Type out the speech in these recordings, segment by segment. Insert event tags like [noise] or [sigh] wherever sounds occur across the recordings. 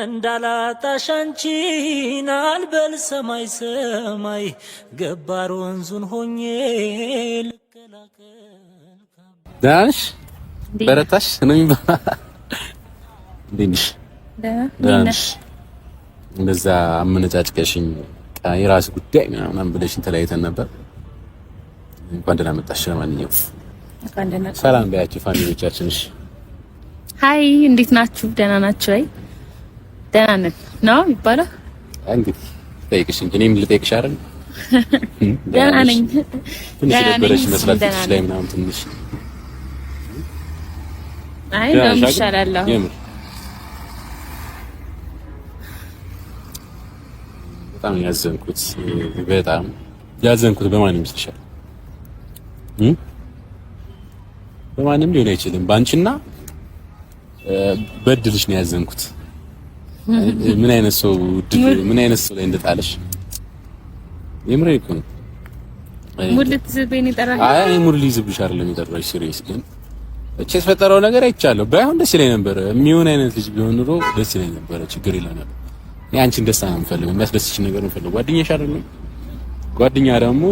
እንዳላጣሽ አንቺን አልበል ሰማይ ሰማይ ገባር ወንዙን ሆኜ ልከላከል። ደህና ነሽ? በረታሽ ነው የሚባለው። እንዴት ነሽ? ደህና ነሽ? እንደዛ አመነጫጭቀሽኝ የራስ ጉዳይ ምናምን ብለሽኝ ተለያይተን ነበር። እንኳን ደህና መጣሽ። ለማንኛውም ሰላም በያቸው ፋሚሊዎቻችንሽ። እሺ፣ ሀይ፣ እንዴት ናችሁ? ደህና ናችሁ? አይ ደህና ነን ነው የሚባለው። እንግዲህ ጠይቅሽ እንጂ እኔም ልጠይቅሽ አይደል? ደህና ነኝ። ትንሽ የደበረሽ ይመስላል ትንሽ ላይ ምናምን ትንሽ አይ ነው ይሻላል። በጣም ያዘንኩት በጣም ያዘንኩት በማን ይመስልሻል? በማንም ሊሆን አይችልም። ባንቺና በድልሽ ነው ያዘንኩት። ምን አይነት ሰው ምን አይነት ሰው ላይ እንደጣለሽ የምሬ እኮ ነው። ሙድ ልትዝብኝ አይደለም የጠራሽ። ሲሪየስ ግን እቺ የተፈጠረው ነገር አይቻለሁ። ባይሆን ደስ ይለኝ ነበረ። የሚሆን አይነት ልጅ ቢሆን ኑሮ ደስ ይለኝ ነበረ። ችግር የለም እኔ አንቺን ደስታ ነው የምፈልገው፣ የሚያስደስሽ ነገር የምፈልገው። ጓደኛሽ አይደለም ጓደኛ ደግሞ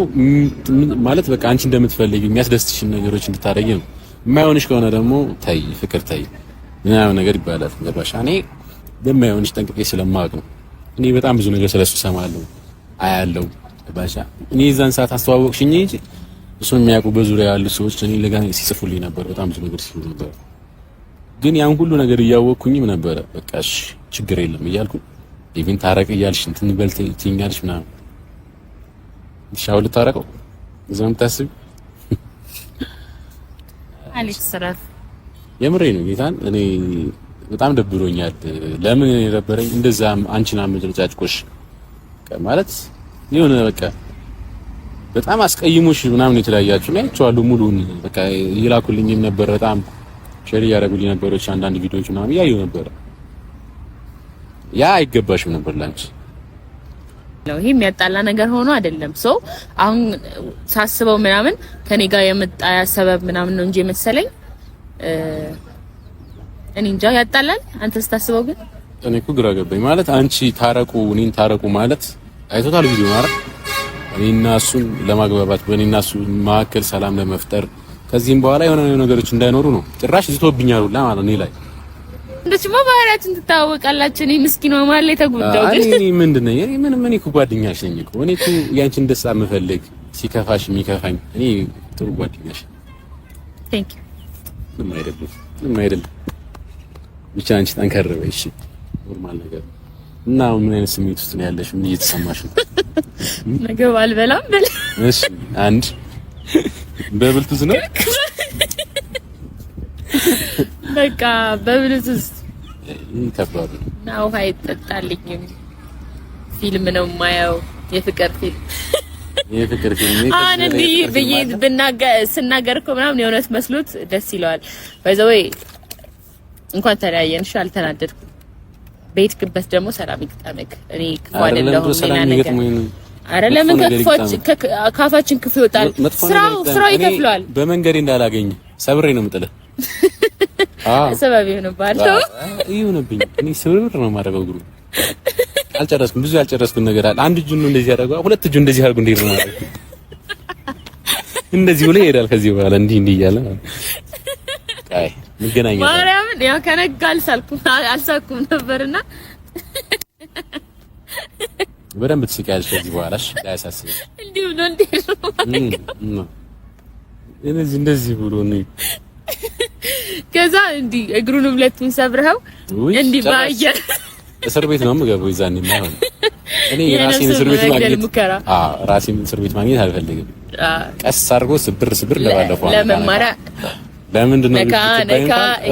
ማለት በቃ አንቺ እንደምትፈልጊው የሚያስደስትሽ ነገሮች እንድታደርጊ ነው። የማይሆንሽ ከሆነ ደግሞ ታይ ፍቅር ታይ ምናምን ነገር ይባላል። ገባሽ እኔ እንደማይሆንሽ ጠንቅቄ ስለማውቅ ነው። እኔ በጣም ብዙ ነገር ስለሱ እሰማለሁ፣ አያለው። ባሻ እኔ የዛን ሰዓት አስተዋወቅሽኝ እንጂ እሱ የሚያውቁ በዙሪያ ያሉ ሰዎች እኔ ለጋ ሲጽፉልኝ ነበር፣ በጣም ብዙ ነገር ሲሉ ነበር። ግን ያን ሁሉ ነገር እያወቅኩኝም ነበረ። በቃ እሺ ችግር የለም እያልኩ ኢቭን ታረቅ እያልሽ እንትን በል ትይኛለሽ ምናምን ሻው ልታረቀው እዛ የምታስቢ አሌክስ ረፍ የምሬ ነው ጌታን እኔ በጣም ደብሮኛል። ለምን የደበረኝ እንደዛ አንቺና ምድርጫጭቆሽ ማለት የሆነ በቃ በጣም አስቀይሞሽ ምናምን የተለያያችሁ ነው አይቼዋለሁ። ሙሉውን በቃ እየላኩልኝም ነበር በጣም ሼር እያደረጉልኝ ነበሮች አንዳንድ ቪዲዮዎች ምናምን እያየሁ ነበረ። ያ አይገባሽም ነበር ላንቺ ነው ይሄ የሚያጣላ ነገር ሆኖ አይደለም። ሶ አሁን ሳስበው ምናምን ከኔ ጋር የመጣያ ሰበብ ምናምን ነው እንጂ የመሰለኝ እኔ እንጃ ያጣላል። አንተ ስታስበው ግን እኔ እኮ ግራ ገባኝ። ማለት አንቺ ታረቁ እኔን ታረቁ ማለት አይቶታል ቪዲዮ ማለት እኔና እሱን ለማግባባት በእኔና እሱ መካከል ሰላም ለመፍጠር ከዚህም በኋላ የሆነ ነገሮች እንዳይኖሩ ነው። ጭራሽ ዝቶብኛል ሁላ ማለት እኔ ላይ እንደዚህማ ባህሪያችን ትታወቃላችሁ። እኔ ምስኪን ነው ማለት የተጎዳው ግን እኔ ምንድን ነኝ? እኔ ምን ምን እኮ ጓደኛሽ ነኝ እኮ እኔ እኮ ያንቺን ደስታ የምፈልግ ሲከፋሽ የሚከፋኝ እኔ ጥሩ ጓደኛሽ። ቴንክ ዩ ምንም አይደለም፣ ምንም አይደለም። ብቻ አንቺ ጠንከር በይ እሺ። ኖርማል ነገር እና ምን አይነት ስሜት ውስጥ ነው ያለሽ? ምን እየተሰማሽ ነው? ምግብ አልበላም በል። እሺ አንድ በብልቱዝ ነው በቃ በብልቱዝ ይከባሉ እና ውሃ ይጠጣልኝም። ፊልም ነው የማየው የፍቅር ፊልም የፍቅር ፊልም አሁን እንዲህ ብዬ ስናገር እኮ ምናምን የእውነት መስሎት ደስ ይለዋል። ባይ ዘ ወይ እንኳን ተለያየን። እሺ አልተናደድኩም። በሄድክበት ደግሞ ሰላም ይግጠምክ። እኔ ክፉ አይደለሁም። ሌላ ነገር አረ ለምን ካፋችን ክፉ ይወጣል? ስራው ስራው ይከፍለዋል። በመንገዴ እንዳላገኝ ሰብሬ ነው የምጥልህ። [laughs] ሰበብ ይሆንብሃል። ይሁንብኝ። እኔ ስብርብር ነው የማደርገው። ግሩ አልጨረስኩም። ብዙ ያልጨረስኩን ነገር አለ። አንድ እጁን ነው እንደዚህ ያደርገው፣ ሁለት እጁን እንደዚህ አድርጎ እንደሄድ ነው ማለት [laughs] እንደዚህ ብሎ ይሄዳል። ከዚህ በኋላ እንዲህ እንዲህ እያለ አይ እንገናኛለን። ማርያምን ያው ከነጋ አልሳልኩም አልሳኩም ነበርና በደንብ ትስቂያለሽ። ከዚህ በኋላ እሺ፣ እንዳያሳስብሽ። እንዲሁ ነው እንዲሁ ነው። እነዚህ እንደዚህ ብሎ ነው። ከዛ እንዲህ እግሩንም ሁለቱን ሰብረኸው እንዲህ በአየር እስር ቤት ነው የምገባው። ነው የማይሆን እኔ ራሴን እስር ቤት ማግኘት አ ራሴን እስር ቤት ማግኘት አልፈልግም። ቀስ አድርጎ ስብር ስብር ለባለፈው ለመማሪያ ለምንድን ነው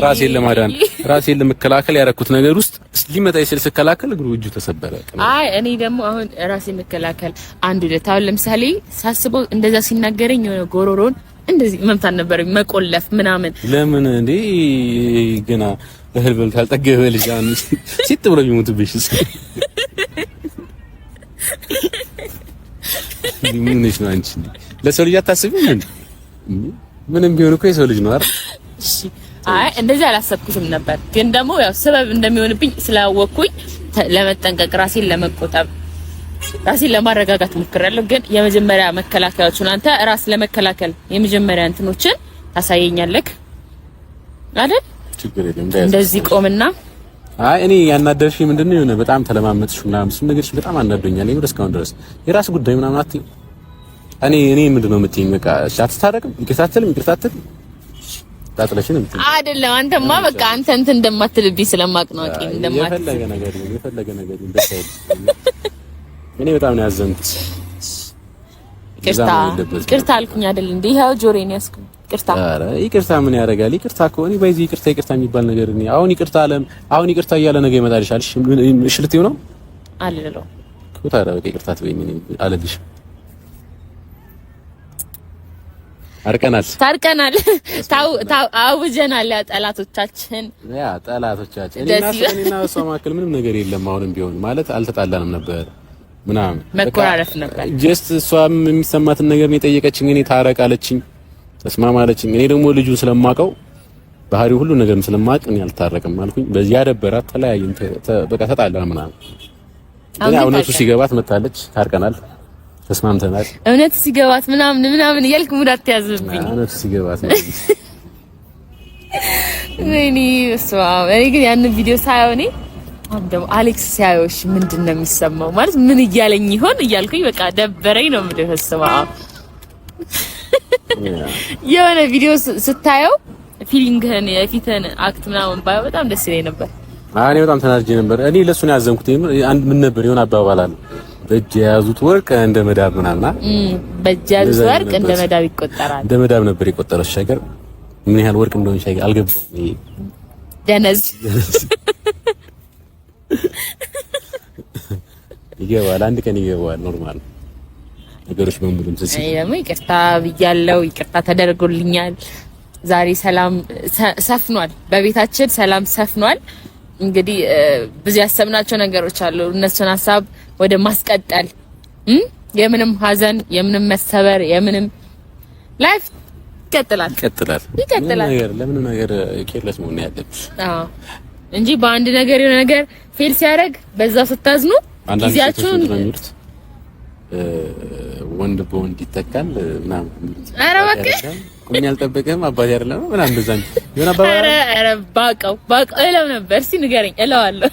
ራሴን ለማዳን ራሴን ለመከላከል ያደረኩት ነገር ውስጥ ሊመጣ ይችላል። ስከላከል እግሩ እጁ ተሰበረ። አይ እኔ ደግሞ አሁን ራሴን መከላከል አንድ ሁለት አሁን ለምሳሌ ሳስበው እንደዛ ሲናገረኝ የሆነ ጎሮሮን እንደዚህ መምታት ነበር መቆለፍ ምናምን። ለምን እንዴ ግና እህል በልተህ ካልጠገበ ልጅ ሲጥ ብሎ ቢሞትብሽ ምን ነሽ ነው አንቺ? ለሰው ልጅ አታስቢም እንዴ? ምንም ቢሆን እኮ የሰው ልጅ ነው አይደል? እሺ አይ እንደዚህ አላሰብኩትም ነበር፣ ግን ደግሞ ያው ሰበብ እንደሚሆንብኝ ስላወቅኩኝ ለመጠንቀቅ ራሴን ለመቆጠብ ራሴን ለማረጋጋት ሞክሬያለሁ። ግን የመጀመሪያ መከላከያዎችን አንተ ራስ ለመከላከል የመጀመሪያ እንትኖችን ታሳየኛለህ አይደል? እንደዚህ ቆምና አይ እኔ ያናደርሽ ምንድነው የሆነ በጣም ተለማመጥሽ ምናምን፣ እሱም በጣም አናዶኛል። ይሄ እስካሁን ድረስ የራስ ጉዳይ ምናምን አትይ እኔ እኔ ምንድን ነው የምትይኝ? በቃ አትታረቅም፣ ይቅርታ አትልም፣ ይቅርታ አትልም አይደለም። አንተማ በቃ አንተ እንትን እንደማትልብኝ ስለማቅ ነው አቂ የፈለገ ነገር ነገር እኔ በጣም ነው ያዘንኩት። ይቅርታ አልኩኝ አይደል እንዴ? ይሄው ጆሮዬን ይቅርታ። ይቅርታ ምን ያደርጋል? ይቅርታ ከሆነ በዚህ ይቅርታ ይቅርታ የሚባል ነገር እኔ አሁን ይቅርታ አለም አሁን ይቅርታ እያለ ነገር ይመጣልሻል። እሺ ልትይው ነው አልልም ይቅርታ ትበይኝ አለልሽ አርቀናል፣ ታርቀናል፣ አውጀናል። ያ ጠላቶቻችን ያ ጠላቶቻችን እኔና እሷ መካከል ምንም ነገር የለም። አሁንም ቢሆን ማለት አልተጣላንም ነበር ምናምን መኮራረፍ ነበር። ጀስት እሷም የሚሰማትን ነገር ነው የጠየቀችኝ። እኔ ታረቃለችኝ፣ ተስማማለችኝ። እኔ ደግሞ ልጁ ስለማውቀው ባህሪ ሁሉ ነገር ስለማውቅ እኔ አልታረቅም አልኩኝ። በዚያ ደበራት፣ ተለያየን፣ በቃ ተጣላን ምናምን። እኔ እውነቱ ሲገባት መታለች፣ ታርቀናል ተስማምተናል። እውነት ሲገባት ምናምን ምናምን እያልክ ሙድ አትያዝብኝ። እውነት ሲገባት ነው። [laughs] እኔ ግን ያንን ቪዲዮ ሳየው እኔ ደግሞ አሌክስ ሲያዩሽ ምንድን ነው የሚሰማው? ማለት ምን እያለኝ ይሆን እያልኩኝ በቃ ደበረኝ ነው የምልህ። ስማ የሆነ ቪዲዮ ስታየው ፊሊንግህን የፊትህን አክት ምናምን ባየው በጣም ደስ ይለኝ ነበር። እኔ በጣም ተናድጄ ነበር። እኔ ለእሱ ነው ያዘንኩት። ምን ነበር የሆነ አባባል አለ በእጅ የያዙት ወርቅ እንደ መዳብ ምናምና በእጅ የያዙት ወርቅ እንደ መዳብ ይቆጠራል። እንደ መዳብ ነበር የቆጠረው ሸገር ምን ያህል ወርቅ እንደሆነ ሸገር አልገባውም። ደነዝ [laughs] ይገባል። አንድ ቀን ይገባል። ኖርማል ነገሮች በሙሉም ስሲ ደግሞ ይቅርታ ብያለው። ይቅርታ ተደርጎልኛል። ዛሬ ሰላም ሰፍኗል። በቤታችን ሰላም ሰፍኗል። እንግዲህ ብዙ ያሰብናቸው ነገሮች አሉ። እነሱን ሀሳብ ወደ ማስቀጠል የምንም ሀዘን የምንም መሰበር የምንም ላይፍ ይቀጥላል ይቀጥላል ይቀጥላል። ለምን ነገር ኬርለስ መሆን ያለብሽ አዎ፣ እንጂ በአንድ ነገር የሆነ ነገር ፌል ሲያደርግ በዛ ስታዝኑ ጊዜያችሁን ወንድ በወንድ ይተካል ምናምን። ኧረ እባክህ ቁኝ አልጠበቀም አባቴ አይደለም ምናምን ይሆን ነው። ኧረ ኧረ ባቀው ባቀው እለው ነበር። እስኪ ንገረኝ እለዋለሁ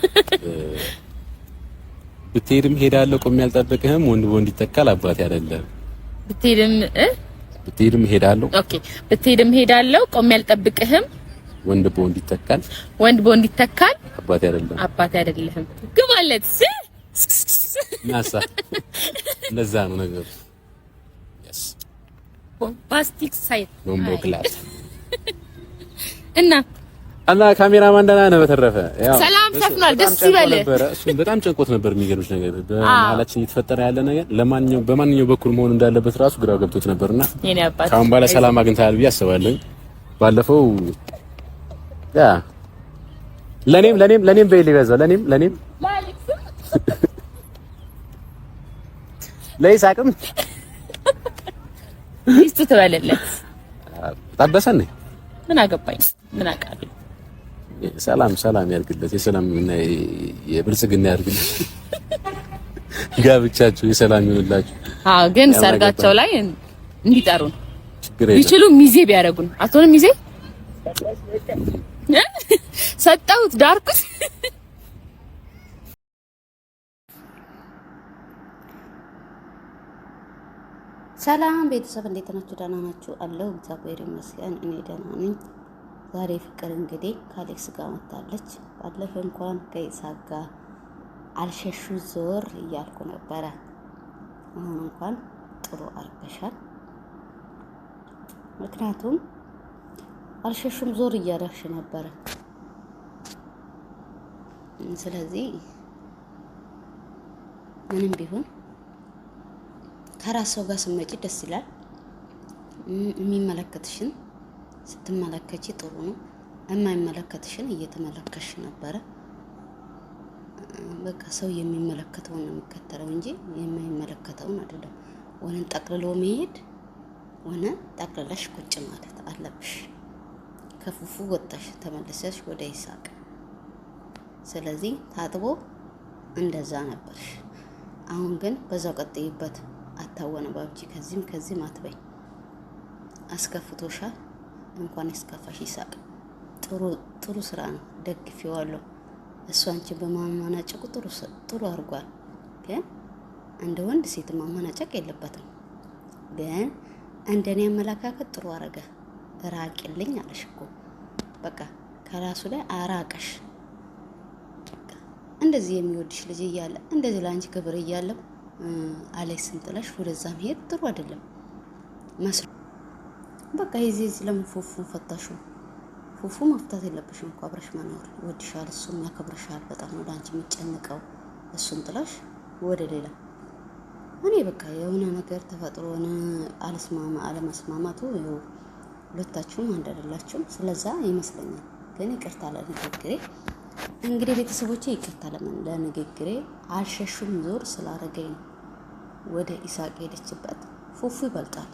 ብትሄድም ሄዳለሁ፣ ቆሜ አልጠብቅህም። ወንድ ወንድ ይተካል፣ አባቴ አይደለም። ብትሄድም እ ብትሄድም ሄዳለሁ። ኦኬ፣ ብትሄድም ሄዳለሁ፣ ቆሜ አልጠብቅህም። ወንድ በወንድ ይተካል፣ ወንድ በወንድ ይተካል፣ አባቴ አይደለም፣ አባቴ አይደለም። ግማለት ግባለት ናሳ እንደዛ ነው ነገሩ። ቦምባስቲክ ሳይት ቦምቦ ክላስ እና እና ካሜራማን ደህና ነህ? በተረፈ ሰላም ሰፍኗል። ደስ ይበል። በጣም ጨንቆት ነበር። የሚገርምሽ ነገር በመሀላችን እየተፈጠረ ያለ ነገር ለማንኛውም በማንኛው በኩል መሆን እንዳለበት ራሱ ግራ ገብቶት ነበርና ከአሁን በኋላ ሰላም አግኝተሃል ብዬ አስባለሁ። ባለፈው ያ ለኔም ለኔም ለኔም በይል ይበዛው ለኔም ለኔም ለይሳቅም ሚስቱ ትበልለት ታበሰን ምን አገባኝ ምን አውቃለሁ ሰላም ሰላም ያድርግለት፣ የሰላም እና የብልጽግና ያርግለት ጋብቻችሁ የሰላም ይሁንላችሁ። አዎ፣ ግን ሰርጋቸው ላይ እንዲጠሩን ይችሉ ሚዜ ቢያደርጉን። አትሆንም? ሚዜ ሰጠሁት፣ ዳርኩት። ሰላም ቤተሰብ፣ እንዴት ናችሁ? ደህና ናችሁ? አለሁ፣ እግዚአብሔር ይመስገን፣ እኔ ደህና ነኝ። ዛሬ ፍቅር እንግዲህ ከአሌክስ ጋር መታለች። ባለፈ እንኳን ከኢሳቅ ጋር አልሸሹ ዞር እያልኩ ነበረ። አሁን እንኳን ጥሩ አርገሻል። ምክንያቱም አልሸሹም ዞር እያደረግሽ ነበረ። ስለዚህ ምንም ቢሆን ከራስ ሰው ጋር ስመጪ ደስ ይላል የሚመለከትሽን ስትመለከች ጥሩ ነው። የማይመለከትሽን እየተመለከሽ ነበረ። በቃ ሰው የሚመለከተውን ነው የሚከተለው እንጂ የማይመለከተውን አይደለም። ወንን ጠቅልሎ መሄድ ሆነ ጠቅልለሽ ቁጭ ማለት አለብሽ። ከፉፉ ወጣሽ ተመልሰሽ ወደ ይሳቅ። ስለዚህ ታጥቦ እንደዛ ነበርሽ። አሁን ግን በዛው ቀጥይበት። አታወነ ባብጂ ከዚህም ከዚህም አትበይ። አስከፍቶሻል። እንኳን ያስከፋሽ ይሳቅ። ጥሩ ስራ ነው፣ ደግፌዋለሁ። እሱ አንቺ በማማናጨቁ ጥሩ አድርጓል። ግን እንደ ወንድ ሴት ማማናጨቅ የለበትም። ግን እንደኔ አመለካከት ጥሩ አረገ። ራቂልኝ አለሽ እኮ በቃ ከራሱ ላይ አራቀሽ። እንደዚህ የሚወድሽ ልጅ እያለ እንደዚህ ለአንቺ ክብር እያለው አላይ ስንጥለሽ ወደዛ መሄድ ጥሩ አይደለም መስሎ በቃ ይዚ ለምን ፉፉ ፈታሹ? ፉፉ መፍታት የለብሽም እኮ አብረሽ መኖር ይወድሻል፣ እሱም ያከብርሻል። በጣም ወደ አንቺ የሚጨንቀው። እሱን ጥላሽ ወደ ሌላ እኔ በቃ የሆነ ነገር ተፈጥሮ ሆነ አለስማማ አለመስማማቱ ሁለታችሁም አንድ አይደላችሁም። ስለዛ ይመስለኛል። ግን ይቅርታ ለንግግሬ እንግዲህ ቤተሰቦቼ ይቅርታ ለምን ለንግግሬ አልሸሹም። ዞር ስላረገኝ ወደ ኢሳቅ ሄደችበት። ፉፉ ይበልጣል።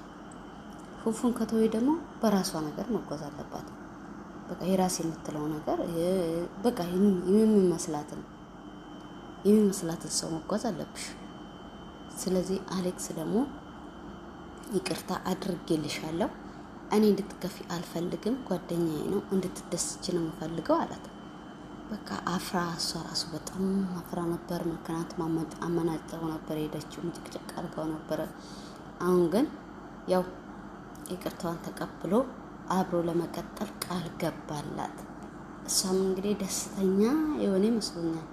ክንፉን ከተወይ ደግሞ በራሷ ነገር መጓዝ አለባት። በቃ የራስ የምትለው ነገር በቃ የሚመስላትን የሚመስላትን ሰው መጓዝ አለብሽ። ስለዚህ አሌክስ ደግሞ ይቅርታ አድርጌልሻለሁ፣ እኔ እንድትከፊ አልፈልግም፣ ጓደኛዬ ነው እንድትደስች ነው የምፈልገው አላት። በቃ አፍራ እሷ ራሱ በጣም አፍራ ነበር። ምክንያት አመናጭረው ነበር፣ ሄደችው ምጭቅጭቅ አድርገው ነበረ። አሁን ግን ያው ይቅርታዋን ተቀብሎ አብሮ ለመቀጠል ቃል ገባላት። እሷም እንግዲህ ደስተኛ የሆነ ይመስሉኛል።